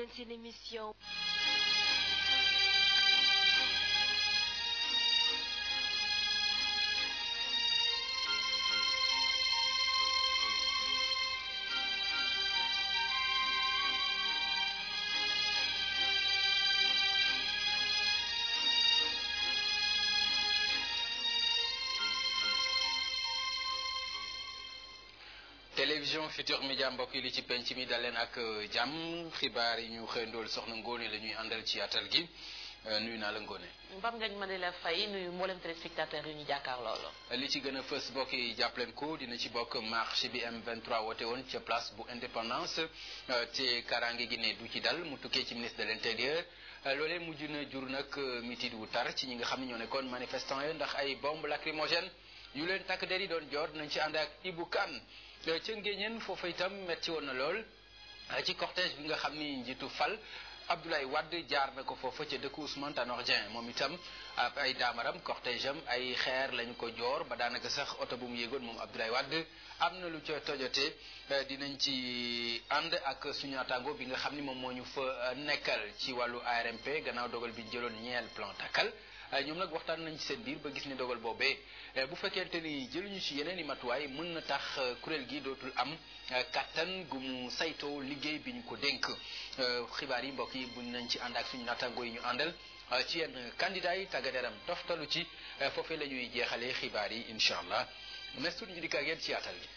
leen seen émission télévision Futur Média yi li ci penc mi dal leen ak euh, jàmm xibaar yi ñu xëyndool soxna Ngóone la ñuy àndal ci atal gi euh, nuyu naa la Ngóone mbam ngañ mën la fay nuyu mboolem téléspectateur yi ñu jàkkaar li ci gën a fës bokk yi jàpp leen ko dina ci bokk marche bi M23 woote woon ca place bu indépendance euh, te kaaraange gi ne du ci dal mu tukkee ci ministre de l'intérieur loolee mujj na jur nag mitit wu tar ci ñi nga xam ne ñoo nekkoon manifestant yi ndax ay bombe lacrymogène yu leen takk der yi doon joor nañ ci ànd ak Ibou Kane ca ngéeñeen foofa itam metti woon na lool ah, ci cortège bi nga xam ni njiitu fal Abdoulaye wadd jaar na ko foofa ca dëkk Ousmane Tanor Dieng moom itam ay daamaram cortège am ay xeer lañu ko joor ba daanaka sax oto bu mu yéegoon moom Abdoulaye Wade am na lu ca tojote eh, dinañ ci ànd ak suñu atango bi nga xam ni moom moo ñu fa eh, nekkal ci wàllu ARMP gannaaw dogal bi ñu jëloon ñeel plan Takkal Euh, ñoom nag waxtaan nañ ci seen biir ba gis ni dogal boobee euh, bu fekkente ni jëluñu ci yeneen i matuwaay mën na tax euh, kuréel gi dootul am kattan gu mu saytoo liggéey bi ñu ko dénk xibaar yi mbokk yi buñ nañ ci ànd ak suñu naataangoo yi ñu àndal ci yenn candidat yi tàggaderam toftalu ci foofee la ñuy jeexalee xibaar yi incha allah mesut ñu dikkaag yéen ci yaatal gi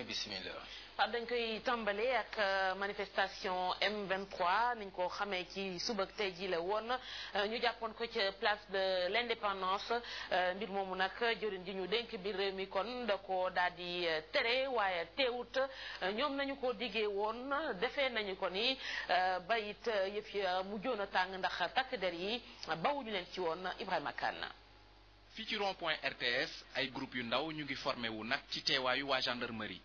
ne bismillah ah, dañ koy tàmbale ak euh, manifestation M23 niñ ko xamee ci suba tey jii la woon euh, ñu jàppoon ko ci place de l'indépendance euh, mbir moomu nag jëriñ ji ñu dénk biir réew mi kon da ko daal di tere waaye teewut ñoom nañu ko diggee woon defee nañu ko ni ba it yëf ya mujjoon a tàng ndax takk der yi bawuñu leen ci woon Ibrahima Kane fii ci rond point RTS ay groupe yu ndaw ñu ngi formé wu nag ci teewaayu waa gendarmerie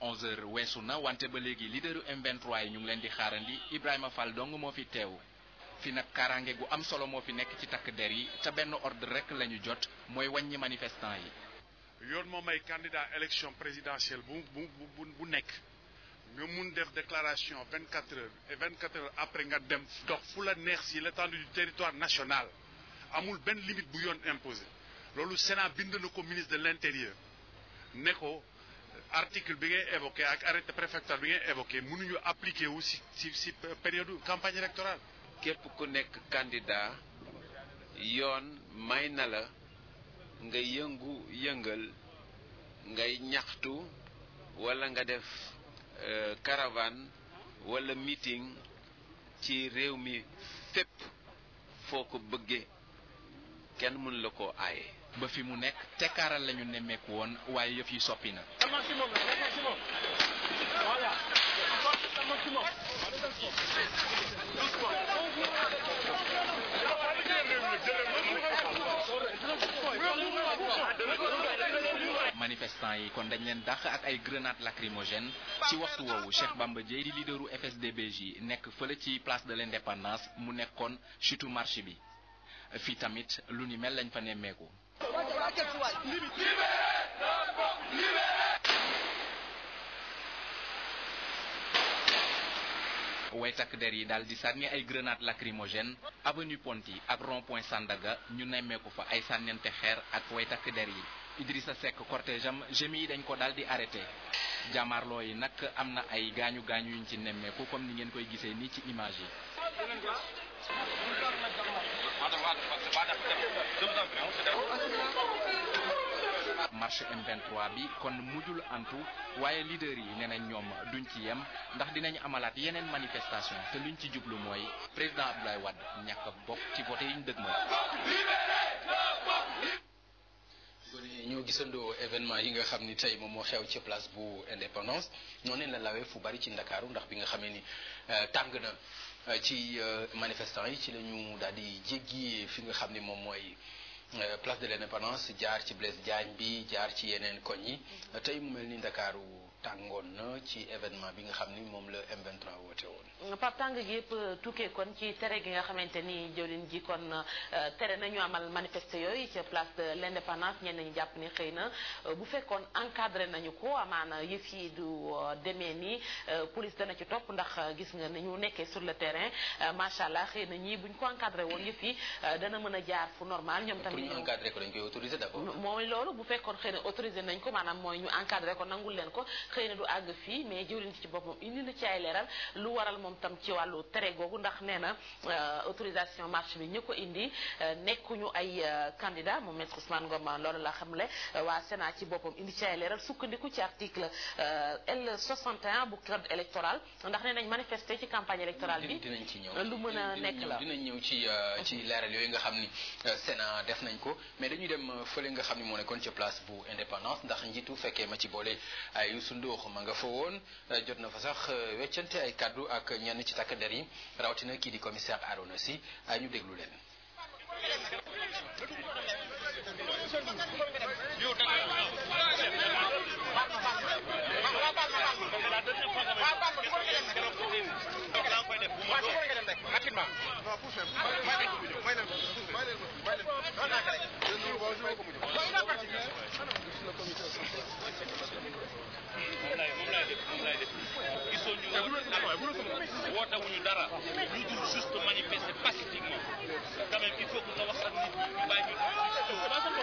11 heures weesu na wante ba léegi leaderu M23 yi ñu ngi leen di xaarandi Ibrahima Fall dong moo fi teew fi nag kaaraange gu am solo moo fi nekk ci takk der yi te benn ordre rek la ñu jot mooy wàññi manifestant yi. yoon moom may candidat élection présidentielle bu bu bu bu nekk nga mun def déclaration 24 heures et 24 heures après nga dem dox fu la neex si l'étendue du territoire national amul benn limite bu yoon imposé loolu Sénat bind na ko ministre de l'intérieur ne ko. article bi ngay évoqué ak arrêté préfectoral bi ngay évoqué mënuñu appliqué wu si si si période képp ku nekk candidat yoon may na la nga yëngu yëngal ngay ñaxtu walla nga def euh, caravane walla mitin ci réew mi fépp foo ko bëggee kenn mën la koo aaye ba fi mu nekk tekkaaral la nemmeeku woon waaye yëf yi soppi na. manifestant yi kon dañ leen dàq ak ay grenades lacrymogènes ci waxtu woowu Cheikh Bamba Dièye di leaderu yi nekk fële ci place de l'indépendance mu nekkoon chutu marché bi fii tamit lu ni mel lañ fa nemmeeku. way takk der yi daal di sànni ay grenade lacrymogène avenue Ponty ak rond point Sandaga ñu nemmeeku fa ay sànnente xeer ak way takk der yi Idrissa Seck cortège am gémi yi dañ ko daal di arrêté jàmmaarloo yi nag am na ay gaañu gaañu yuñ ci nemmeeku comme ni ngeen koy gisee nii ci image yi marche M23 bi kon mujjul antu waaye leader yi nee ñoom duñ ci yem ndax dinañ amalaat yeneen manifestation te luñ ci jublu mooy président Abdoulaye Wade ñàkk a bokk ci vote yi ñu dëgg ma ñoo gisandoo événement yi nga xam ni tey moom moo xew ci place bu indépendance ne na lawee fu bari ci Ndakaaru ndax bi nga xamee ni euh, tàng na ci euh, manifestants yi ci la ñu daal di jéggi fi nga xam ni moom mooy euh, place de l'indépendance jaar ci Blaise Diagne bi jaar ci yeneen koñ yi mm-hmm. tey mu mel ni Ndakaaru tàngoon na ci événement bi nga xam ni moom la M23 woote woon. Pape tàng gi yëpp tukkee kon ci tere gi nga xamante ni jëwlin ji kon euh, tere nañu amal manifeste yooyu ca place l' indépendance ñenn ñi jàpp ni xëy na euh, bu fekkoon encadré nañu ko amaana yëf yi du euh, demee ni police dana ci topp ndax gis nga ni ñu nekkee sur le terrain macha allah xëy na ñii buñ ko encadré woon yëpp yi dana mën a jaar fu normal ñoom tamit. pour ñu encadré ko dañ koy autorisé d' abord. mooy loolu bu fekkoon xëy na autorisé nañ ko maanaam mooy ñu encadré ko nangul leen ko. xëy na du àgg fii mais jëwriñ ci boppam indi na ci ay leeral lu waral moom tam ci wàllu tere googu ndax nee na euh, autorisation marché bi ñu ko indi euh, nekkuñu ay euh, candidat moom maître Ousmane Ngom loolu la xamle waa Sénat ci boppam indi ci ay leeral sukkandiku ci article L61 bu code électoral ndax nee nañ manifester ci campagne électorale bi dinañ ci ñëw lu mën a nekk la dinañ ñëw ci ci leeral yooyu nga xam ni Sénat def nañ ko mais dañuy dem fële nga xam ni moo nekkoon ci place bu indépendance ndax njiitu fekkee ma ci boole Ndour ma nga fa woon euh, jot na fa sax euh, weccante ay kàddu ak ñenn ci takk der yi rawatina kii di commissaire Arona Sy euh, ñu déglu leen. laay moom laay def moom laay def gisuñu eh, ah, wootewuñu dara ñu dul juste manifester pacifiquement quand même il faut que nga wax ak nit ñi ñu bàyyi ñu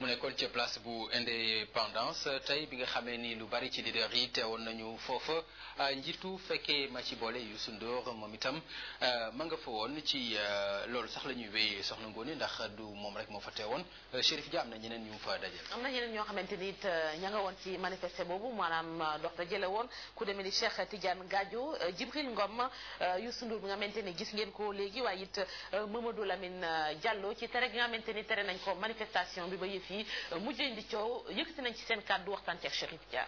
mu nekkoon ca place bu indépendance tey bi nga xamee ni lu bari ci leader yi woon nañu foofa ah, njiitu fekkee ma ci boole Youssou Ndour moom itam ah, ma nga fa woon ci ah, loolu sax la ñuy wéy soxna Ngoné ndax du moom rek moo fa teewoon Chérif Dia am na ñeneen ñu fa daje. am na ñeneen ñoo xamante ni it ña nga woon ci manifester boobu maanaam dox da jële woon ku demee di ni Cheikh Tidiane Gadio Djibril Ngom Youssou Ndour bi nga xamante ni gis ngeen ko léegi waaye it Mamadou Lamine Diallo ci tere gi nga xamante ni tere nañ ko manifestation bi ba aussi mujjee indi coow yëkkati nañ ci seen kàddu waxtaan ceeg Chérif Dia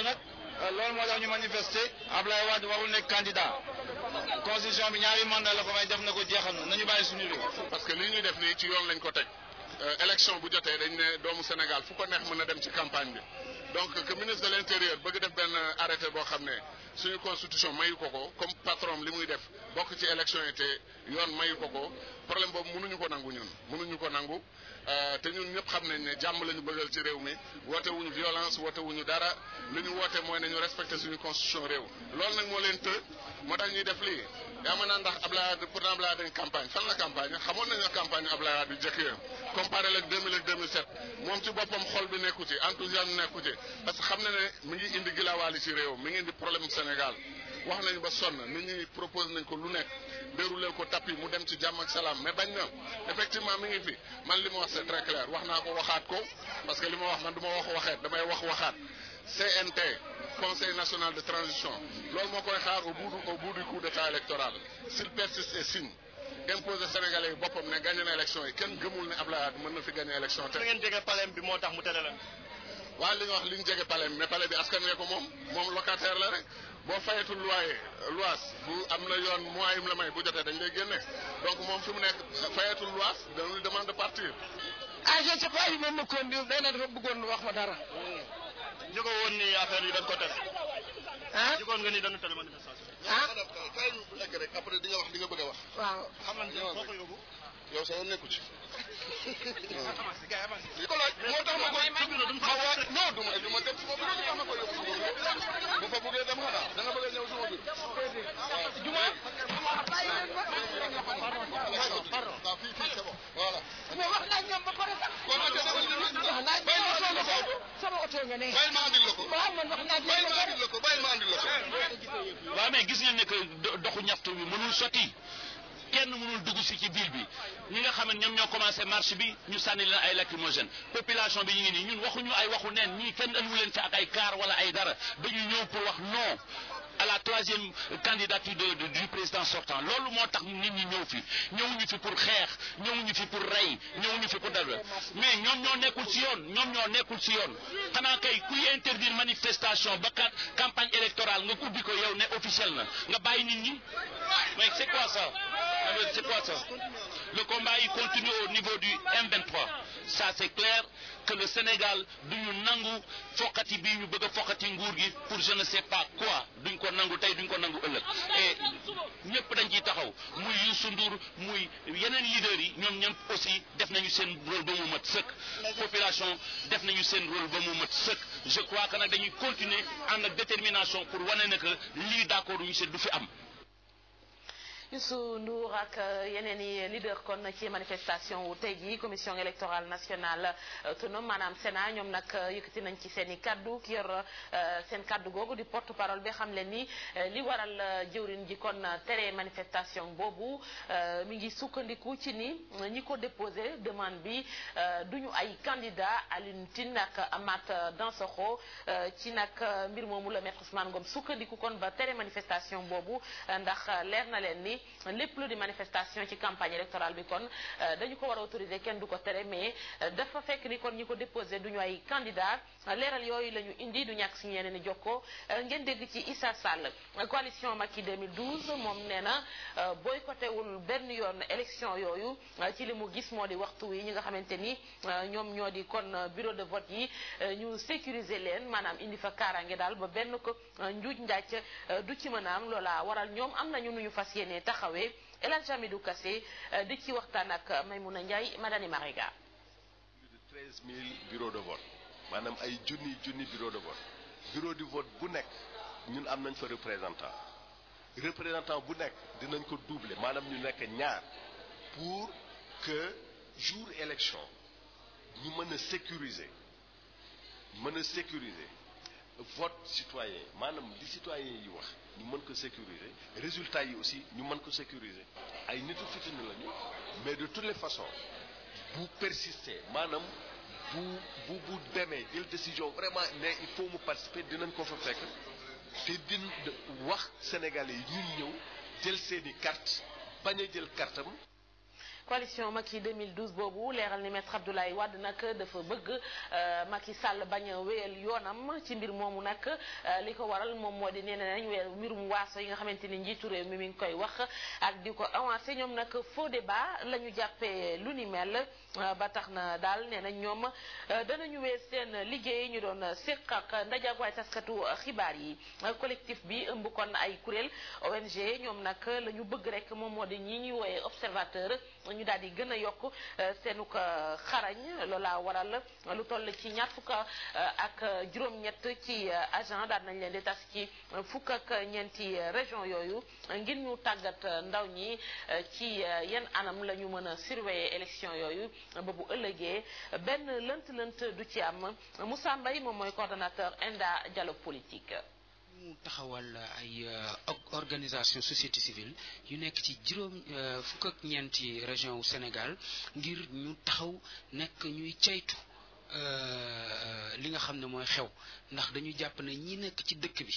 loolu nag euh, loolu moo tax ñu manifester Ablaye Wade warul nekk candidat constitution bi ñaari mandat la ko may def na ko jeexal na nañu bàyyi suñu réew. parce que lii ñuy def nii ci yoon lañ ko teg euh, élection bu jotee dañ ne doomu Sénégal fu ko neex mën a dem ci campagne bi donc que ministre de l' bëgg def benn arrêté boo xam ne suñu constitution mayu ko ko comme patron li muy def bokk ci élection yi te yoon mayu ko ko problème boobu mënuñu ko nangu ñun mënuñu ko nangu. Euh, te ñun ñëpp xam nañ ne jàmm la ñu bëggal ci réew mi woote wuñu violence woote wuñu dara lu ñu woote mooy nañu respecté suñu constitution réew loolu nag moo leen të moo tax ñuy def lii yaa ma naan ndax Abdoulaye Wade pourtant Abdoulaye Wade campagne fan la campagne xamoon nañu campagne Abdoulaye Wade jëkk ya comparé ak 2000 ak 2007 moom si boppam xool bi nekku ci enthousiasme nekku ci parce que xam ne ne mi ngi indi gilaawaali ci réew mi ngi indi problème Sénégal wax nañu ba sonn nit ñi proposé nañ ko lu nekk déroulé ko tapis mu dem ci jàmm ak salaam mais bañ na effectivement mi ngi fi man li ma wax c'est très clair wax naa ko waxaat ko parce que li ma wax man du ma wax waxeet damay wax waxaat CNT conseil national de transition loolu moo koy xaar au bout du au bout du coup d'état électoral s'il persiste et signe imposé sénégalais yi boppam ne gagné na élection yi kenn gëmul ne Abdoulaye Wade mën na fi gagné élection te ngeen jege palem bi moo tax mu tere la waa li li ñu jege palais mais palais bi askan wee ko moom moom locataire la rek boo fayatul loyer loyer bu am na yoon moyen la may bu jotee dañ lay génne donc moom fi mu nekk fayatul loyer dañuy demande de partir. ah je ne sais pas yi moom ma ko woon day dafa bëggoon wax ma dara. Hmm. ñu ko woon ni affaire yi dañ ko tere. ah ñu ko woon ni dañu tere manifestation. ah, ah kay après di nga wax di nga bëgg a wax. waaw xam nga ne ko yow sa nekku ci. li ko laaj moo tax ma koy ma waa non du ma du ma dem su ma bëggee du ma koy yóbbu su ma bëggee bu fa bëggee dem xanaa da nga bëggee ñëw wax naa ñoom ba pare sax. kon nag dama déglu sama oto nga ne. ma andil la ko waaw man wax naa ma andil la ko bàyyi ma andil la ko. waaw mais gis ngeen ne que doxu ñaxtu bi mënul sotti. kenn mënul dugg si ci ville bi ñi nga xam ne ñoom ñoo commencé marche bi ñu sànni leen ay lacrymogène population bi ñu ngi nii ñun waxuñu ay waxu neen ñii kenn ënwu leen fi ak ay kaar wala ay dara dañu ñëw pour wax non a la troisième candidature de, de, du président sortant loolu moo tax nit ñi ñëw fi ñëwuñu fi pour xeex ñëwuñu fi pour rey ñëwuñu fi pour dara mais ñoom ñoo nekkul ci yoon ñoom ñoo nekkul ci yoon xanaa kay kuy interdire manifestation ba kat campagne électorale nga ubbi ko yow ne officiel na nga bàyyi nit ñi mais c'est quoi ça c'est quoi ça Le combat, il continue au niveau du M23. Ça, c'est clair que le Sénégal, duñu nangu fokkati bii ñu bëgg a nguur gi pour je ne sais pas quoi duñ ko nangu tey duñ ko nangu ëllëg ñëpp dañ ciy taxaw muy Youssou Ndour muy yeneen leaders yi ñoom ñoom aussi def nañu seen rôle ba mu mat sëkk population def nañu seen rôle ba mu mat sëkk je crois que nag dañuy continuer ànd ak détermination pour wane ne que lii d'accord ñu seet du fi am Youssou Ndour ak euh, yeneen i leader kon ci manifestation wu tey jii commission électorale nationale autonome maanaam Sénat ñoom nag euh, yëkkati nañ ci seen i kaddu ki yor euh, seen kaddu googu di porte parole bi xam leen ni li waral jëwrin ji kon tere manifestation boobu mi ngi sukkandiku ci ni ñi ko déposé demande bi du ñu ay candidat Alioune Tine ak Amath Dansokho ci nag mbir moomu la maître Ousmane sukkandiku kon ba tere manifestation boobu ndax leer na leen mooy lépp lu di manifestation ci campagne électorale bi kon euh, dañu ko war a kenn du ko tere mais euh, dafa fekk ni kon ñi ko déposé du ñu ay candidat leeral yooyu la ñu indi du ñàkk suñu yeneen i jokkoo euh, ngeen dégg ci Issa Sall coalition Macky 2012 moom nee na boycotté wul benn yoon élection yooyu ci li mu gis moo di waxtu wi ñi nga xamante ni ñoom ñoo di kon bureau de vote yi ñu sécuriser leen maanaam indi fa kaaraange daal ba benn ko njuuj njaaj du ci mën am loola waral ñoom am nañu taxawee El Hadj Hamidou Kassé euh, di ci waxtaan ak euh, Maymouna Ndiaye Madani Mariga. plus de treize mille bureaux de vote maanaam ay junni junni bureau de vote bureau de vote bu nekk ñun am nañ fa représentant représentant bu nekk dinañ ko doubler maanaam ñu nekk ñaar pour que jour élection ñu mën a sécuriser mën a sécuriser vote citoyen maanaam li citoyen yi wax. ñu mën ko sécuriser résultat yi aussi ñu mën ko sécuriser ay nitu fitina lañu mais de toutes les façons bu persister maanaam bu bu bu demee jël décision vraiment ne il faut mu participer dinañ ko fa fekk te din wax sénégalais yi ñun ñëw jël seeni carte bañ a jël kartam coalition Macky 2012 boobu leeral ni maître Abdoulaye Wade nag dafa bëgg euh, Macky Sall bañ a wéyal yoonam ci mbir moomu nag euh, li ko waral moom moo di nee nañ weer mbirum waaso yi nga xamante ni njiitu réew mi mi ngi koy wax ak di ko avancé ñoom nag faux débat la ñu jàppee lu ni mel euh, ba tax na daal nee na ñoom danañu wees seen liggéey ñu doon séq ak ndajaak waay xibaar yi collectif bi ëmb kon ay kuréel ONG ñoom nag la ñu bëgg rek moom moo di ñi ñuy wooyee observateur ñu daal di gën a yokk euh, seenu euh, xarañ loola waral lu toll ci ñaar fukk euh, ak juróom-ñett ci agent daal nañ leen di tas ci fukk ak ñeenti région yooyu ngir ñu tàggat ndaw ñi ci yenn anam la ñu mën a surveiller élection yooyu ba bu ëllëgee benn lënt-lënt du ci am Moussa Mbaye moom mooy coordinateur Enda dialogue politique mu taxawal euh, ay euh, organisation société civile yu nekk ci juróom euh, fukk ak ñeenti région wu Sénégal ngir ñu taxaw nekk ñuy caytu li nga xam ne mooy xew ndax dañu jàpp na ñi nekk ci dëkk bi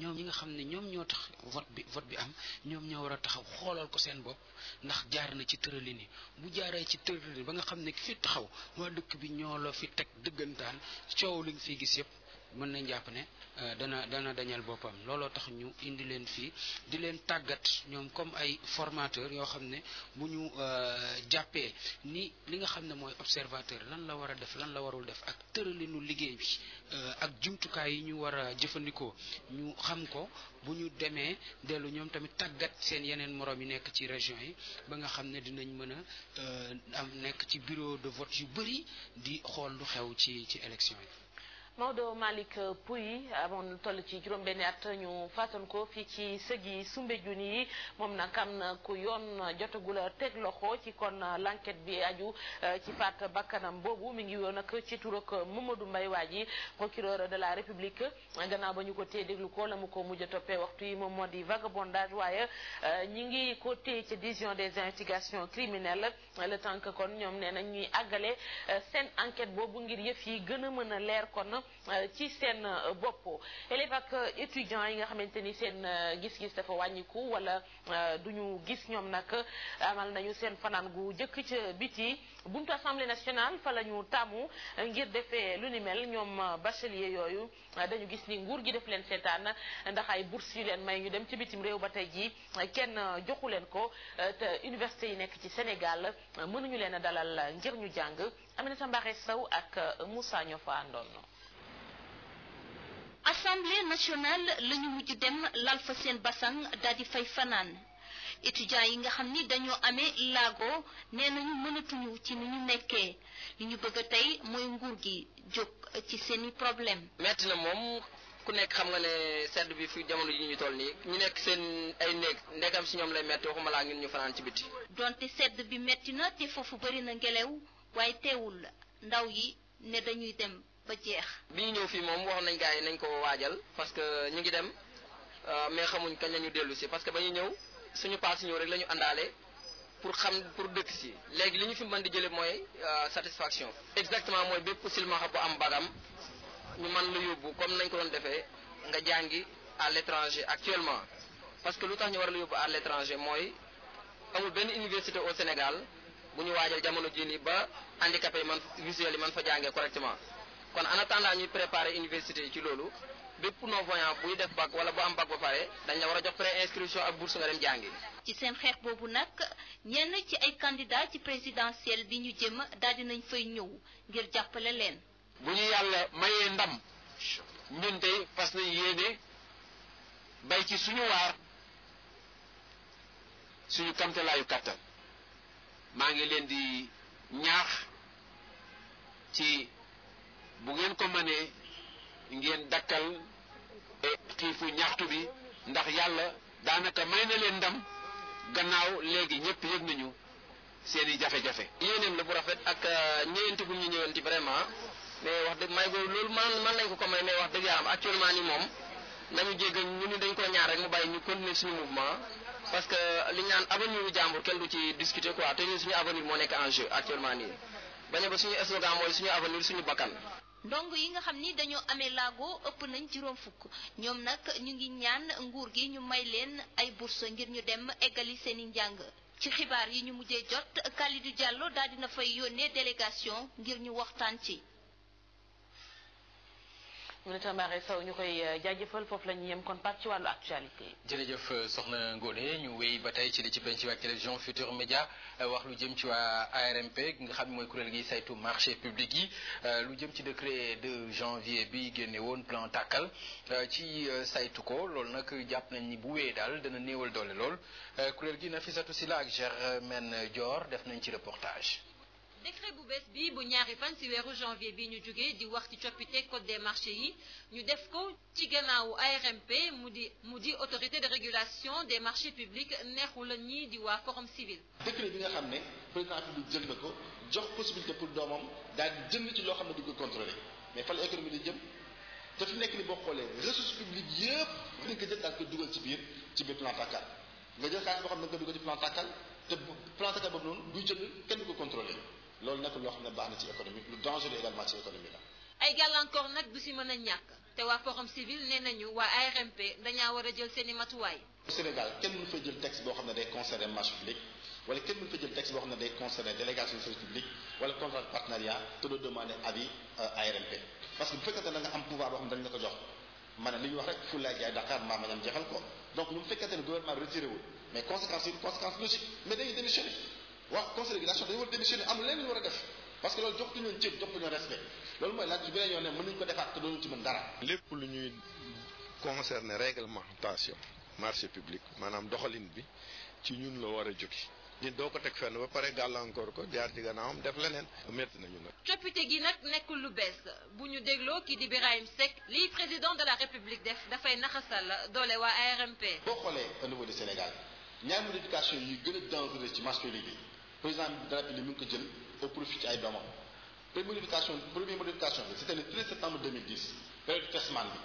ñoom ñi nga xam ne ñoom ñoo tax vote bi vote bi am ñoom ñoo war a taxaw xoolal ko seen bopp ndax jaar na ci tëralin yi bu jaaree ci tëralin ba nga xam ne ki fi taxaw waa dëkk bi ñoo la fi teg dëggantaan coow li nga fiy gis yëpp mën nañ jàpp ne euh, dana dana dañal boppam looloo tax ñu indi leen fii di leen tàggat ñoom comme ay formateur yoo xam ne bu ñu euh, jàppee ni li nga xam ne mooy observateur lan la war a def lan la warul def ak tëralinu liggéey bi euh, ak jumtukaay yi ñu war a jëfandikoo ñu xam ko bu ñu demee dellu ñoom tamit tàggat seen yeneen moroom yi nekk ci région yi ba nga xam ne dinañ mën a am nekk ci bureau de vote yu bëri di xool lu xew ci ci élection yi Maodo Malick Pouy amoon toll ci juróom benni at ñu faatoon ko fii ci sëg yi Soumbédioune yi moom nag am na ku yoon jotagul teg loxo ci kon l'enquête bi aju euh, ci faat bakkanam boobu mi ngi woon nag ci turok Mamadou Mbaye Wadji procureur de la République gannaaw ba ñu ko téye déglu ko la mu ko mujj a toppee waxtu yi moom moo di vagabondage waaye euh, ñi ngi ko téye ci division des investigations criminelles le temps kon ñoom nee nañ ñuy àggale euh, seen enquête boobu ngir yëf yi gën a mën a leer kon Euh, ci seen euh, bopp élèves ak euh, étudiants yi nga xamante ni seen gis-gis dafa wàññiku wala duñu gis ñoom nag amal nañu seen fanaan gu jëkk ca biti buntu assemblée nationale fa la ñu tàmmu ngir defee lu ni mel ñoom bachelier yooyu dañu gis ni nguur gi def leen seetaan ndax ay bourse yu leen may ñu dem ci bitim réew ba tey ji kenn joxu leen ko te université yi nekk ci Sénégal mënuñu leen a dalal ngir ñu jàng Aminata Mbaare Sow ak Moussa ñoo fa àndoon assemblée nationale la ñu mujj dem lal fa seen basang daal di fay fanaan étudiants yi nga xam ni dañoo amee laago nee nañu mënatuñu ci ni ñu nekkee li ñu bëgg a tey mooy nguur gi jóg ci seeni problème metti na moom ku nekk xam nga ne sedd bi fi jamono yi ñu toll nii ñu nekk seen ay néeg ndegam si ñoom lay metti waxuma laa ngeen ñu fanaan ci biti donte sedd bi metti na te foofu bari na ngelaw waaye teewul ndaw yi ne dañuy dem ba bi ñu ñëw fii moom wax nañ gars yi nañ ko waajal parce que ñu ngi dem euh, mais xamuñ kañ lañu dellu si parce que ba ñuy ñëw suñu paas ñoo rek la ñu àndaale pour xam pour dëkk si léegi li ñu fi mën di jële mooy euh, satisfaction. exactement mooy bépp silmaxa bu am bagam ñu mën la yóbbu comme nañ ko doon defee nga jàngi à l'étranger actuellement parce que lu tax ñu war la yóbbu à l'étranger mooy amul benn université au Sénégal bu ñu waajal jamono jii nii ba handicapé yi man visuel yi man fa jàngee correctement. kon en attendant ñuy préparer université yi ci loolu bépp non-voyant buy def bac wala bu am bac ba pare dañ la war a jox pré-inscription ak bourse nga dem ci seen xeex boobu nag ñenn ci ay candidat ci présidentielle bi ñu jëm daal di nañ fay ñëw ngir jàppale leen. bu ñu yàlla mayee ndam ñun tey fas nañ yéene bay ci suñu waar suñu kamtelaayu kàttan maa ngi leen di ñaax ci. bu ngeen ko mënee ngeen dakkal e, xiifu ñaxtu bi ndax yàlla daanaka may na leen ndam gannaaw léegi ñëpp yëg nañu seen i jafe-jafe. yéeneem la bu rafet ak euh, ñëwante bu ñu ñëwante vraiment mais wax dëgg may boobu loolu man man lañ ko ko may mais wax dëgg am actuellement nii moom nañu jéggal ñu ni dañ ko ñaar rek mu bàyyi ñu continuer suñu mouvement. parce que li ñu naan avenir yu jàmbur kenn du ci discuter quoi te ñun suñu avenir moo nekk en jeu actuellement ba suñu slogan mooy suñu avenir suñu bakkan. ndongo yi nga xam ni dañoo amee laago ëpp nañ juróom fukk ñoom nag ñu ngi ñaan nguur gi ñu may leen ay bourse ngir ñu dem eggali seeni njàng ci xibaar yi ñu mujjee jot Kalidou Diallo daal dina fay yónnee délégation ngir ñu waxtaan ci ñu ne Tamare ñu koy euh, jaajëfal foofu la ñuy kon pat ci wàllu actualité. jërëjëf euh, soxna Ngone ñu wéy ba tey ci li ci penc ci waa télévision Futur Média euh, wax lu jëm ci waa ARMP nga xam mooy kuréel gi saytu marché public yi lu jëm ci décret de janvier bi génne woon plan tàkkal ci saytu ko loolu nag jàpp nañ ni bu wéyee daal dana néewal doole lool kuréel gi na Nafissatou Sylla ak Germaine joor def nañ ci reportage. décret bu bees bi bu ñaari fan ci weeru janvier bi ñu jógee di wax ci coppite code des marchés yi ñu def ko ci gannaawu ARMP mu di mu di autorité de régulation des marchés publics neexu la ñii di waa forum civil. décret bi nga xam ne président public jël na ko jox possibilité pour doomam daal di jënd ci loo xam ne du ko contrôler mais fan la économie di jëm te fi nekk ni boo xoolee ressources publiques yëpp dañ ko jël daal ko dugal ci biir ci biir plan Takkal nga jël xaalis xam ne nga dugal ci plan te plan Takkal boobu noonu buy jënd kenn ko contrôler. loolu nekk loo xam ne baax na ci économie lu dangereux également ci économie la. ay gàllankoor nag du si mën a ñàkk te waa forum civil nee nañu waa ARMP dañaa war a jël seen i matuwaay. au Sénégal kenn mënu fa jël texte boo xam ne day concerner marché public wala kenn mënu fa jël texte boo xam ne day concerner délégation de service public wala contrat de partenariat te doo demander avis euh, ARMP. parce que bu fekkee ne nga am pouvoir boo xam ne ko jox maanaam li ñu wax conseil de nation dañu war a parce que loolu jox ko ñoom cër loolu ñoo ne mën nañu ko defaat te dooñu lépp lu ñuy concerner réglementation marché public maanaam doxalin bi ci ñun la war a jóge ñun doo ko teg fen ba pare gàllankoor ko jaar ci am def leneen métti nañu nag. coppite gi nag nekkul lu bees bu ñu dégloo kii di Birahim Seck lii président de la république def dafay naxasal doole waa ARMP. boo xoolee au niveau de Sénégal ñaar modification yi gën a dangereux ci marché public bi président de la République mu ngi ko jël au profit ci ay doomam première modification première modification bi c'était le 13 septembre 2010 période fesman bi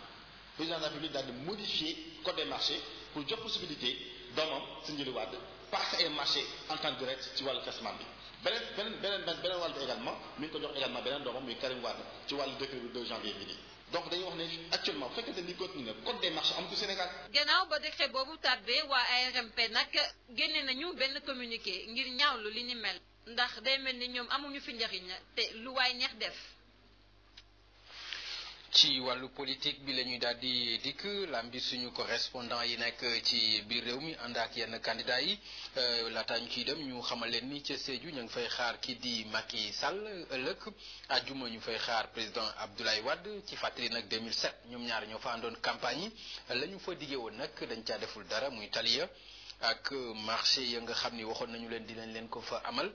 président de la République daal di modifier code des marchés pour jox possibilité doomam si njëli wàdd passer ay marché en tant que direct ci wàllu fesman bi beneen beneen beneen beneen wàll bi également mi ngi ko jox également beneen doomam muy Karim Wade ci wàllu décret bi 2 janvier bi nii donc dañu wax ne actuellement bu fekkente ni continué code des marchés amatul Sénégal. gannaaw ba décret boobu tàbbee waa ARMP nag génne nañu benn communiqué ngir ñaawlu li ni mel ndax day mel ni ñoom amuñu fi njariñ te lu waaye neex def. ci wàllu politique bi la ñuy daal di dikk làmbi suñu correspondant yi nekk ci biir réew mi ànd ak yenn candidat yi euh, laataa ñu ciy dem ñu xamal leen ni ca Sédhiou ñu ngi fay xaar kii di Macky Sall ëllëg àjjuma ñu fay xaar président Abdoulaye Wade ci fàttali nag 2007 ñoom ñaar ñoo fa àndoon campagne yi ñu fa diggee woon nag dañ caa deful dara muy taliya ak marché ya nga xam ni waxoon nañu leen dinañ leen ko fa amal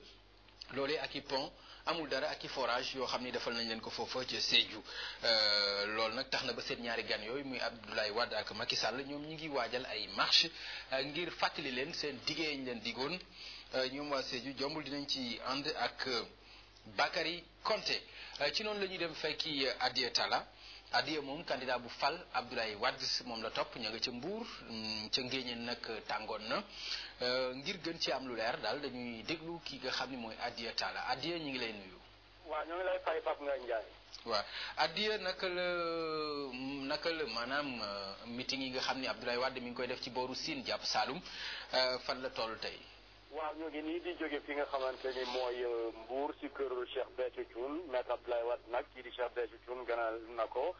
loole ak i pont amul dara ak i forage yoo xam ni defal nañ leen ko foofa ca Sédhiou euh, loolu nag tax na ba seen ñaari gan yooyu muy Abdoulaye Wade ak Macky Sall ñoom ñi ngi waajal ay marche euh, ngir fàttali leen seen diggée ñu leen diggoon euh, ñoom waa Sédhiou jombul dinañ ci ànd ak Bakary Konté ci noonu la ñuy dem fekki Adiya Talla Adiya moom candidat bu fal Abdoulaye Wade moom la topp ña nga ca Mbour mm, ca ngéeñeen nag tàngoon na Euh, ngir gën ci am lu leer daal dañuy déglu kii nga xam ni mooy Adiya Talla Adiya ñu ngi lay nuyu. waa ñu ngi lay fay Pape Ngagne Ndiaye. waaw Adiya naka la naka la maanaam euh, meeting yi nga xam ni Abdoulaye Wade mi ngi koy def ci booru siin jàpp saalum euh, fan la toll tey. waa ñoo ngi nii di jóge fi nga xamante mooy Mbour si kër Cheikh Béthio Thioune maître Abdoulaye Wade nag kii di Cheikh Béthio Thioune gënal na ko.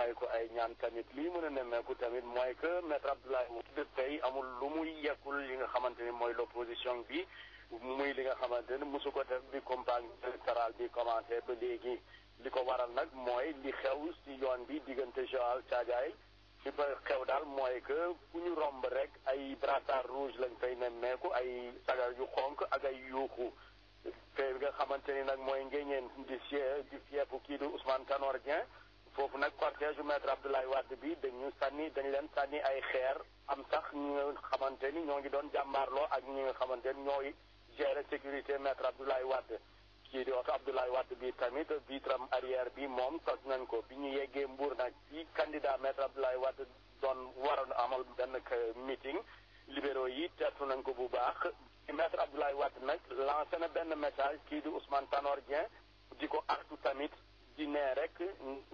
may ko ay ñaan tamit li ñu mën a nemmeeku tamit mooy que maître Abdoulaye Wade tey amul lu muy yekkul li nga xamante ni mooy l'opposition bi muy li nga xamante ni mosu ko def bi compagne électorale bi commencé ba léegi li ko waral nag mooy li xew ci yoon bi diggante Joal Caajaay li fa xew daal mooy que ku ñu romb rek ay brassard rouge lañ fay nemmeeku ay sagar yu xonk ak ay yuuxu te nga xamante ni nag mooy ngéñeen di sie di fieefu kii di Ousmane Tanor foofu nag cortège u maître Abdoulaye Wade bi dañu sànni dañu leen sànni ay xeer am sax ñi nga xamante ni ñoo ngi doon jàmbaarloo ak ñi nga xamante ni ñooy gérer sécurité maître Abdoulaye Wade kii di oto Abdoulaye Wade bi tamit vitram arrière bi moom toj nañ ko bi ñu yeggee Mbour nag ci candidat maître Abdoulaye Wade doon waroon amal benn meeting libéraux yi tertu nañ ko bu baax maître Abdoulaye Wade nag lancé na benn message kii di Ousmane Tanor Dieng di ko artu tamit ci ne rek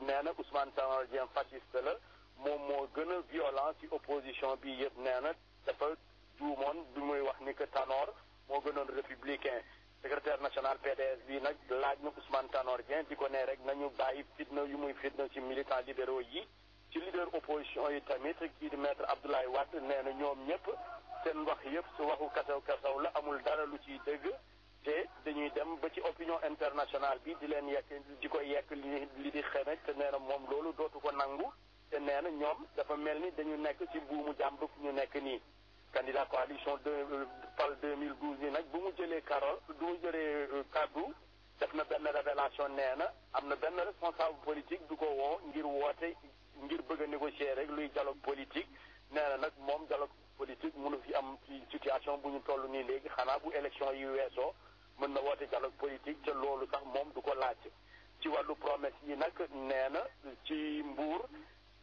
nee na Ousmane Tanor Dieng fasciste la moom moo gën a violent ci opposition bi yëpp nee na dafa juumoon du muy wax ni que Tanor moo gënoon républicain secrétaire national PDS bi nag laaj na Ousmane Tanor Dieng di ko ne rek nañu bàyyi fitna yu muy fitna ci militants libéraux yi ci leader opposition yi tamit kii di maître Abdoulaye Wade nee na ñoom ñëpp seen wax yëpp su waxu kasaw kasaw la amul dara lu ciy dëgg te dañuy dem ba ci opinion internationale bi di leen yekk di ko yekk li li di xemeñ te nee moom loolu dootu ko nangu te nee na ñoom dafa mel ni dañu nekk ci buumu jàmb fu ñu nekk nii candidat coalition de euh, PAL 2012 yi nag bu mu jëlee karol bu mu jëlee euh, kàddu def na benn révélation nee na am na benn responsable politique du ko woo ngir woote ngir bëgg a négocier rek luy dialogue politique nee na nag moom dialogue politique mënu fi am ci situation bu ñu toll nii léegi xanaa bu élection yi weesoo mën na woote dialogue politique ca loolu sax moom du ko laaj ci wàllu promesse yi nag nee na ci Mbour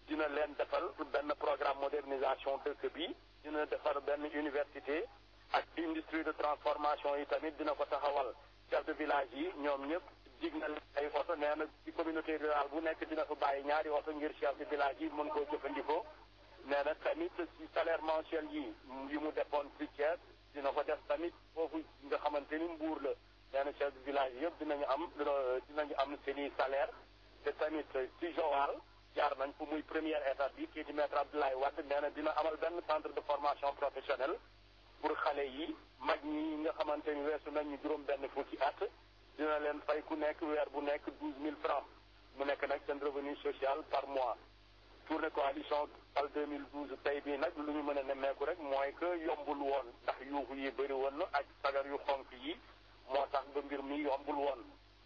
dina leen defal benn programme modernisation dëkk bi dina defar benn université ak industrie de transformation yi tamit dina ko taxawal chef de village yi ñoom ñëpp dig na leen ay oto nee na ci communauté rurale bu nekk dina ko bàyyi ñaari wax ngir chef de village yi mën koo jëfandikoo nee na tamit ci salaire yi yi mu defoon ci Thiès dina ko def tamit foofu nga xamante ni mbuur la nee na chef village yëpp dinañu am dinañu am seeni salaire te tamit ci Joal jaar nañ fu muy premier étape bi kii di maître Abdoulaye Wade nee dina amal benn centre de formation professionnelle pour xale yi mag ñi nga xamante ni weesu nañu juróom-benn fukki at dina leen fay ku nekk weer bu nekk douze mille francs mu nekk nag seen revenu social par mois. pour ko :fra coalition :fra Fall 2012 tey bii nag lu ñu mën a nemmeeku rek mooy que :fra yombul woon ndax yuuxu yi bëri woon na ak fagar yu xonk yi moo tax ba mbir mi yombul woon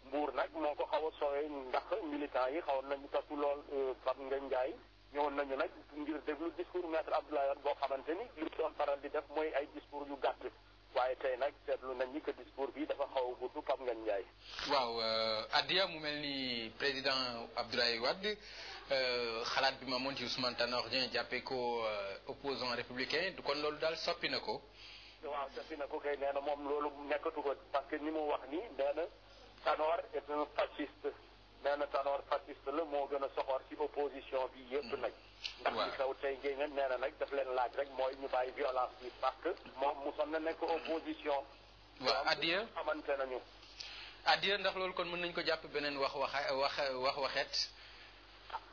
Mbour nag moo ko xaw a sowee ndax militants yi xawoon nañu takku lool %e Pape Ngagne Ndiaye ñëwoon nañu nag ngir déglu discours :fra maître :fra boo xamante ni lim doon faral di def mooy ay discours yu gàtt waaye tey nag seetlu nañ ni que discours bi dafa xaw a gudd Pape Ngagne Ndiaye. waaw euh, Adia mu mel ni président Abdoulaye Wade euh, xalaat bi ma amoon ci Ousmane Tanor Dieng jàppee ko euh, opposant républicain kon loolu daal soppi na ko. waaw soppi na ko kay nee moom loolu nekkatu ko parce que ni mu wax nii nee Tanor est un fasciste. nee na Tanor fasciste la moo gën a soxor ci opposition bi yëpp mm. nag. ndax li xew tey Ndiéngène nee na nag daf leen laaj rek mooy ñu bàyyi violence bi parce que moom mosoon na nekk opposition. waaw addiya xamante nañu. addiya ndax loolu kon mën nañ ko jàpp beneen wax waxa wax wax waxeet.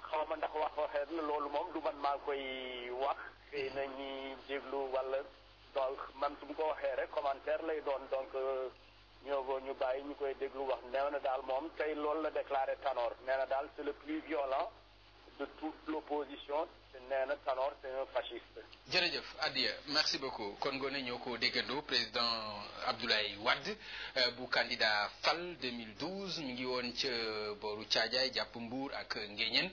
xaw ma ndax wax waxeet la loolu moom du man maa koy wax. xëy na ñuy walla wala donc man su mu ko waxee rek commentaire lay doon donc. Euh, ñëwoo ñu bàyyi ñu koy déglu wax nee na daal moom tey loolu la déclaré Tanor nee na daal c'est le plus violent de toute l'opposition nee na Tanor c'est jërëjëf Adia merci beaucoup kon gone ñoo ko déggandoo président Abdoulaye wadd euh, bu candidat FAL 2012 mi ngi woon ca euh, booru Thiadiaye jàpp Mbour ak Ngéñen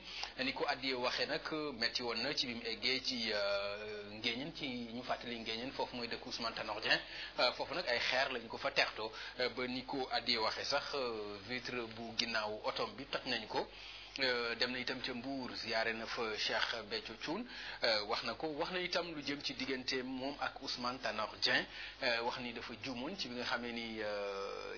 ni ko Adia waxee nag metti woon na ci bi mu eggee ci euh, Ngéñen ci ñu fàttali Ngéñen foofu mooy dëkk Ousmane Tanor Dieng foofu nag ay xeer lañu ko fa teextoo ba ni ko Adia waxee sax vitre bu ginnaaw otom bi toj nañu ko. Euh, dem na itam ca Mbour ziare na fa Cheikh Béthio Thioune euh, wax na ko wax na itam lu jëm ci diggante moom ak Ousmane Tanor Dieng euh, wax ni dafa juumoon ci bi nga xamee ni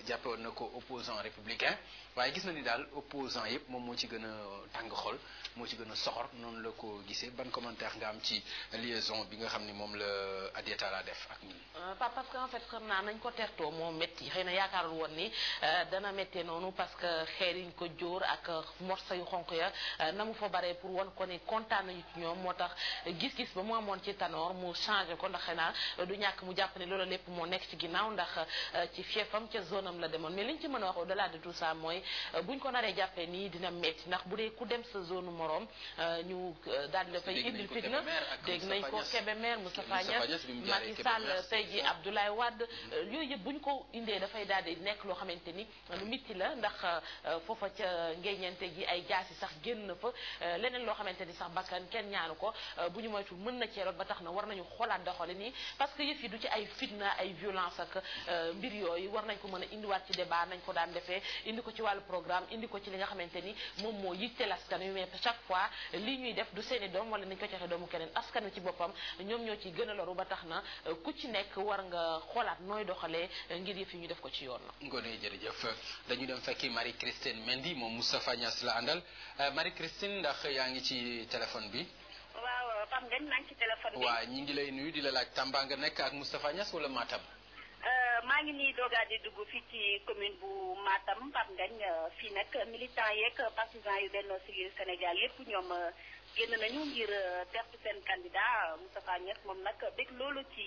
jàppewoon na ko opposant républicain waaye gis na ni daal opposant yëpp moom moo ci gën a tàng xol moo ci gën a soxor noonu la ko gisee ban commentaire nga am ci liaison bi nga xam ni moom la Adiata la def ak ñun. parce que en fait xam naa nañ ko teertoo moo métti xëy na yaakaarul woon ni dana méttee noonu parce que xeer ko jóor ak xonq ya euh, na mu fa baree pour wan ko ne kontaan ñoom moo tax gis-gis ba mu amoon ci Tanor mu changé ko ndax xanaa euh, du ñàkk mu jàpp ne loolu lépp moo nekk ci ginnaaw ndax euh, ci fiefam ca zone am la demoon mais liñ ci mën a wax au delà de tout ça mooy buñ ko naree jàppee nii dina metti ndax bu dee ku dem sa zone moroom ñu daal di dafay indil fitna dégg nañ ko Kébémer Moustapha Niass Macky Sall tey ji Abdoulaye Wade mm-hmm. yooyu yëpp bu ñu ko indee dafay daal di nekk loo xamante ni lu jaasi sax génn na fa euh, leneen loo xamante ni sax bakkan kenn ñaanu ko euh, bu ñu moytu mën na ceeroot ba tax na war nañu xoolaat doxalin nii parce que yëf yi du ci ay fitna ay violence ak euh, mbir yooyu war nañ ko mën a indiwaat ci débat nañ ko daan defee indi ko ci wàllu programme indi ko ci li nga xamante ni moom moo yitte askan mais chaque fois lii ñuy def du seeni doom wala nañ ko joxe doomu keneen askan wi ci boppam ñoom ñoo ci gën a loru ba tax na ku ci nekk war nga xoolaat nooy doxalee ngir yëf yi ñu def ko ci yoon la. Ngoné jërëjëf dañu dem fekki Marie Christine Mendy moom Moustapha Niass la àndal Euh, Marie Christine ndax yaa ngi ci téléphone bi. waaw Pape Ngagne maa ngi ci téléphone bi. waaw ñu ngi lay nuyu di la laaj Tamba nga nekk ak Moustapha Niass wala Matam. Euh, maa ngi nii doogaa di dugg fii ci commune bu Matam Pape euh, fii nag militant yeeg partisan yu Benno Siggil Sénégal yépp ñoom génn nañu ngir tertu seen candidat Moustapha Niass moom nag bég loolu ci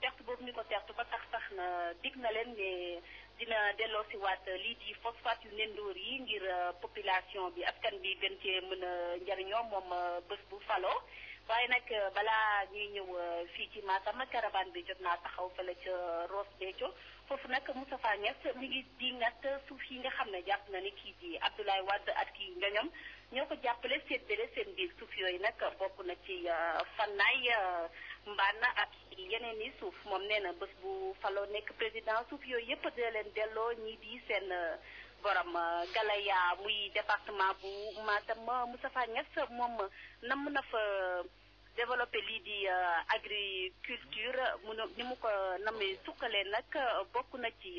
tertu boobu ñu ko tertu ba tax sax na dig na leen dina delloo si waat euh, lii di phosphate yu nendoor yi ngir euh, population bi askan bi gën cee mën a njariñoo moom euh, bés bu falo waaye nag balaa ñuy ñëw fii ci Matam caravane bi jot naa taxaw fële ca Ross Béthio foofu nag Moustapha Niass mi ngi di ngat suuf yi nga xam ne jàpp na ni kii di Abdoulaye Wade ak kii ñoñom ñoo ko jàppale séddale seen biir suuf yooyu nag bokk na ci fannaay Mbana ak yeneen yi suuf moom nee na bés bu faloo nekk président suuf yooyu yëpp da leen delloo ñii di seen uh, borom uh, Galaya muy département bu Matam Moustapha Niass moom namm na fa développé lii di uh, agriculture mu ni mu ko namee sukkalee nag bokk na ci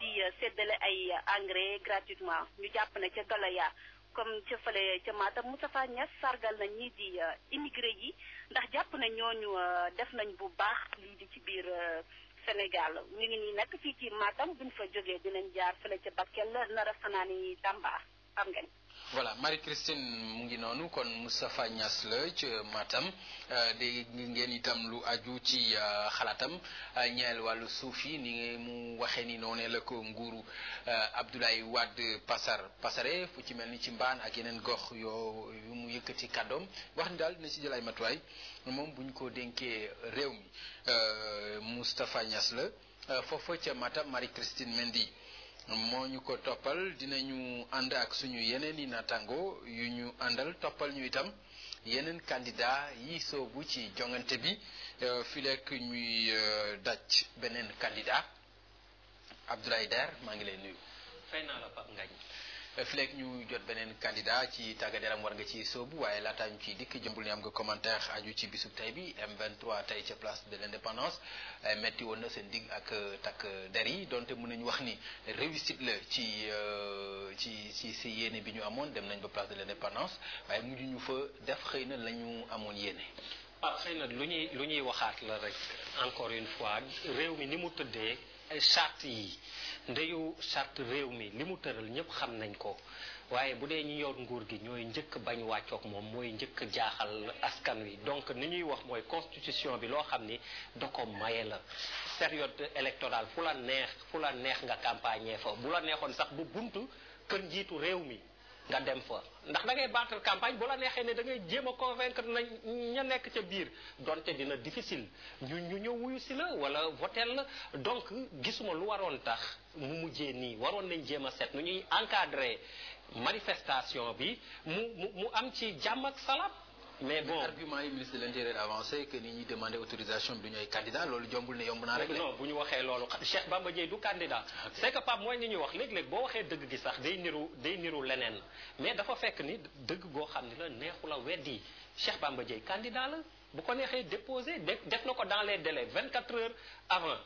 di séddale ay engrais gratuitement ñu jàpp na ca Galaya comme ca fële ca Matam Moustapha Niass sargal na ñii di immigré yi ndax jàpp nañ ñooñu euh, def nañ bu baax lii di ci biir euh, Sénégal ñu ngi nii nag fii ci Matam ñu fa jógee dinañ jaar fële ca Bakel nar a fanaan yi Tamba xam ngeen voilà Marie-Christine mu ngi noonu kon Moustapha Niass la ca Matam euh, dégg ngeen itam lu aju ci euh, xalaatam euh, ñeel wàllu suuf yi ni mu waxee ni noonee la ko nguuru Abdoulaye Wade pasar pasare fu ci mel ni ci mbaan ak yeneen gox yoo yu mu yëkkati kàddoom wax ni daal dina ci jël ay matuwaay moom bu ñu ko dénkee réew mi Moustapha Niass la foofa ca Matam Marie-Christine Mendy moo ñu ko toppal dinañu ànd ak suñu yeneen i natango yu ñu àndal toppal ñu itam yeneen candidat yi soobu ci jongante bi euh, fi lekk ñuy euh, daj beneen candidat Abdoulaye maa ngi lay nuyu. fay naa la Pape fileeg ñu jot beneen candidat ci tàggat yaram war nga ci soobu waaye laataa ñu dikk jëmbul ni am nga commentaire aju ci bisub tey bi M23 tey ca place de l'indépendance eh, metti woon na seen digg ak eh, takk der yi donte mën nañu wax ni réussite la ci euh, ci ci si yéene bi ñu amoon dem nañ ba place de l'indépendance waaye mujj ñu fa def xëy na la ñu amoon yéene. ah xëy na lu ñuy lu ñuy waxaat la rek encore une fois réew mi ni mu tëddee charte yi. ndeyu charte réew mi li mu tëral ñëpp xam nañ ko waaye bu dee ñi yor nguur gi ñooy njëkk bañ wàccook moom mooy njëkk jaaxal askan wi donc ni ñuy wax mooy constitution bi loo xam ni da ko maye la période électorale fu la neex fu la neex nga campagne fa bu la neexoon sax bu buntu kër njiitu réew mi nga dem fa ndax da ngay battre campagne bu la neexee ne da ngay jéem a convaincre na ña nekk ca biir donte dina difficile ñu ñu ñëw wuyu si la wala votel la donc gisuma lu waroon tax mu mujjee nii waroon nañ jéem a seet nu ñuy encadrer manifestation bi mu mu mu am ci jàmm ak salaam mais bon argument yi ministre de l'intérieur avancé que ni ñuy demandé autorisation bi du ñooy candidat loolu jombul ne yomb naa rek non bu ñu waxee loolu Cheikh Bamba Dièye du candidat c'est que Pape mooy ni ñuy wax léeg-léeg boo waxee dëgg gi sax day niru day niru leneen mais dafa fekk ni dëgg goo xam ne la neexu la weddi Cheikh Bamba Dièye candidat la bu ko neexee déposé def na ko dans les délais 24 heures avant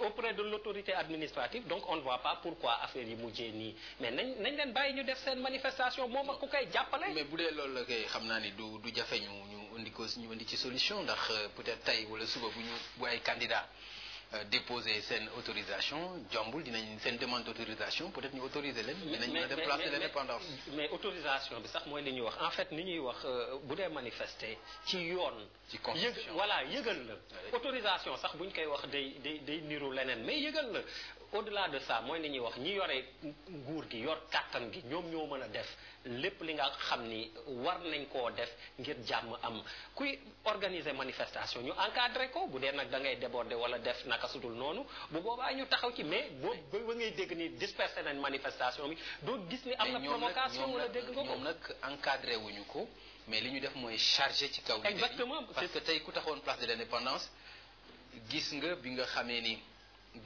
auprès de l'autorité administrative donc on ne voit pas pourquoi affaire yi mujjee nii mais nañ nañ leen bàyyi ñu def seen manifestation moom ak ku koy jàppale. mais bu dee loolu la kay xam naa ni du du jafe ñu ñu indi ko ñu indi ci solution ndax euh, peut-être tey wala suba bu ñu bu ay candidat Euh, déposer seen autorisation jombul dinañ seen demande d' autorisation peut être ñu autoriser leen. mais mais mais placer l' indépendance. mais autorisation bi sax mooy li ñuy wax en fait ni ñuy wax euh, bu dee manifester ci yoon. ci yëg voilà yëgal la. autorisation sax bu ñu koy wax day day day niru leneen mais yëgal la au la de ça mooy li ñuy wax ñi yore nguur gi yor kàttan gi ñoom ñoo mën a def lépp li nga xam ni war nañ koo def ngir jàmm am kuy organiser manifestation ñu encadré ko bu dee nag da ngay déborder wala def naka sudul noonu bu boobaa ñu taxaw ci mais boo ba ngay dégg ni dispersé nañ manifestation bi doo gis ni am na provocation wala dégg nga ko ñoom nag encadré wuñu ko mais li ñu def mooy chargé ci kaw exactement parce que tey ku taxoon place de l'indépendance gis nga bi nga xamee ni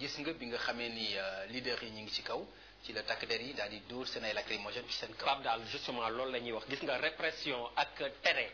gis nga bi nga xamee ni euh, leader yi ñu ngi ci kaw ci la takk der yi daal di dóor seen ay lacrymogène ci seen kaw. Pape daal justement loolu la ñuy wax gis nga répression ak tere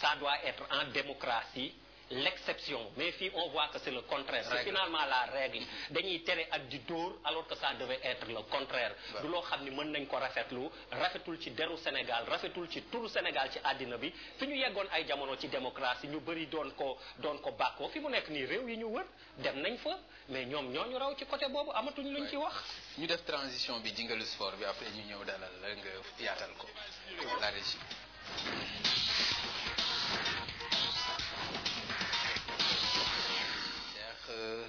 ça doit être en démocratie l'exception mais fii on voit que c'est le contraire c'est finalement la règle dañuy tere ak di dóor alors que ça devait être le contraire du loo xam ni mën nañ ko rafetlu rafetul ci deru Sénégal rafetul ci turu Sénégal ci àddina bi fi ñu yeggoon ay jamono ci démocratie ñu bëri doon ko doon ko bàkkoo fi mu nekk nii réew yi ñu wër dem nañ fa mais ñoom ñoo ñu raw ci côté boobu amatuñ luñ ci wax ñu def transition bi jingalu sport bi après ñu ñëw dalal la nga yaatal ko la régie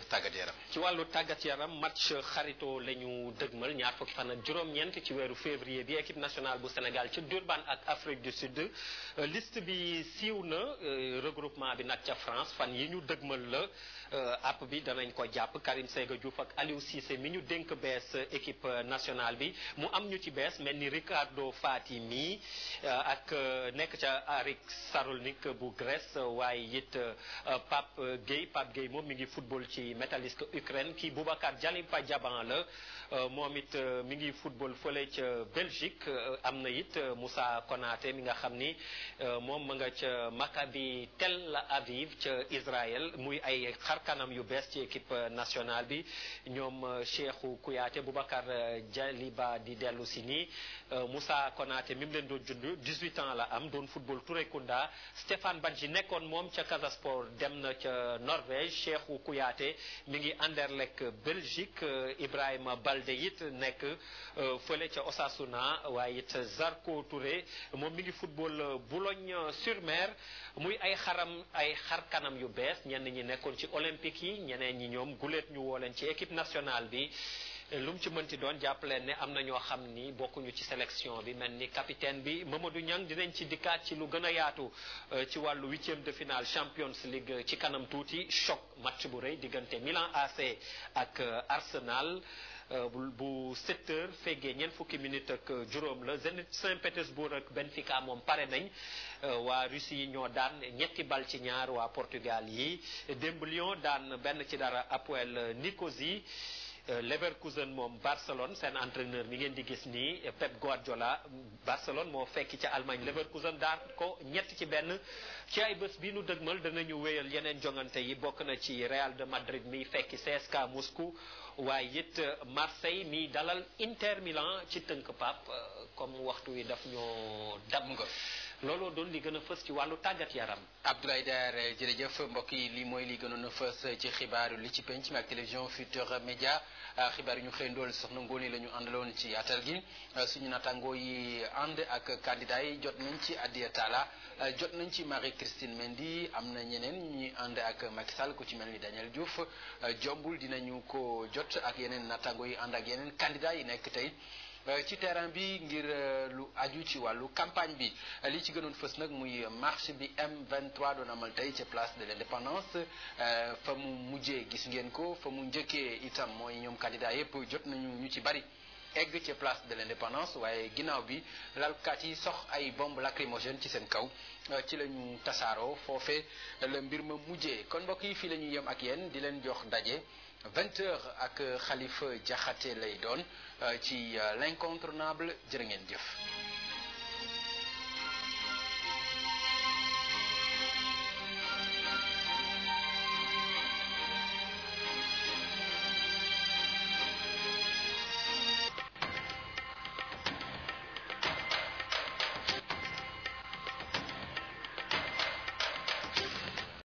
tàggat yaram. ci wàllu tàggat yaram match xarito la ñu dëgmal ñaar fukki fan ak juróom-ñeent ci weeru février bi équipe nationale bu Sénégal ci Durban ak Afrique du Sud euh, list bi siiw na euh, regroupement bi nag ca France fan yi ñu dëgmal la euh, app bi danañ ko jàpp Karim Sega Diouf ak Aliou Cissé mi ñu dénk bees équipe national bi mu am ñu ci bees mel ni Ricardo Fatimi ak nekk ca Arik Sarolnik bu Grèce waaye it Pape Gueye Pape Gueye moom mi ngi football. bokkul ci métalliste Ukraine kii Boubacar Djalipa Diaban la Euh, moom it euh, mi ngi football fële ca Belgique euh, am na it Moussa Konaté mi nga xam ni moom ma nga ca Maccabi Tel Aviv ca Israël muy ay xarkanam yu bees ci équipe nationale bi ñoom Cheikhou Kouyaté Boubacar Jaliba di dellu si nii Moussa Konaté mi mu leen doon jund 18 ans la am doon football Tourékounda Stéphane Badji nekkoon moom ca Casa Sport dem na ca Norvège Cheikhou Kouyaté mi ngi Anderlecht Belgique Ibrahima Bal Kanté it nekk euh, fële ca Osasuna waaye it Zarko toure moom mi ngi football euh, Boulogne-sur-Mer muy ay xaram ay xar kanam yu bees ñenn ñi nekkoon ci olympique yi ñeneen ñi ñoom guleet ñu woo leen ci équipe nationale bi lu mu ci mënti doon jàppale ne am na ñoo xam ni bokkuñu ci sélection bi mel ni capitaine bi Mamadou Niang dinañ ci dikkaat ci lu gën a yaatu euh, ci wàllu huitième de finale Champions League ci kanam tuuti choc match bu rëy diggante Milan AC ak Arsenal Euh, bu 7 heures feggee ñeent fukki minutes ak euh, juróom la Zenit Saint-Pétersbourg ak Benfica moom pare nañ euh, waa Russie yi ñoo daan ñetti bal ci ñaar waa Portugal yi démb daan benn ci dara Apoel Nicosie Leverkusen moom Barcelone seen entraîneur mi ngeen di gis nii Pep Guardiola Barcelone moo fekk ca Allemagne Leverkusen daan ko ñett ci benn ci ay bés bi nu dëgmal danañu wéyal yeneen jongante yi bokk na ci Real de Madrid mi fekki CSKA Moscou waaye it euh, Marseille mi dalal Inter ci tënk pap euh, comme waxtu wi daf ñoo dab nga looloo doon li gën a fës ci wàllu tàggat yaram Abdoulaye Dar jërëjëf mbokk yi li mooy li gënoon a fës ci xibaaru li ci penc mi ak télévision Futurs média Euh, xibaar yi ñu xëy ndool sax na ngoone la ñu àndaloon ci atal gi euh, suñu naataangoo yi ànd ak candidat yi jot nañ ci Adia Talla euh, jot nañ ci Marie Christine Mendy am na ñeneen ñuy ànd ak Macky Sall ku ci mel ni Daniel Diouf jombul dinañu ko jot ak yeneen naataangoo yi ànd ak yeneen candidat yi nekk tey Euh, ci terrain bi ngir euh, lu aju ci wàllu campagne bi euh, li ci gënoon fës nag muy marche bi M23 doon amal tey ca place de l'indépendance fa mu mujjee gis ngeen ko fa mu njëkkee itam mooy ñoom candidat yépp jot nañu ñu ci bari egg ci place de l'indépendance waaye ginnaaw bi lalkat yi sox ay bombe lacrymogène ci seen kaw ci la ñu tasaaroo foofe la mbir ma mujjee kon mbokk yi fii la ñuy yem ak yéen di leen jox daje 20 ak xalifa Diakhaté lay doon ci euh, l'incontournable jërë ngeen jëf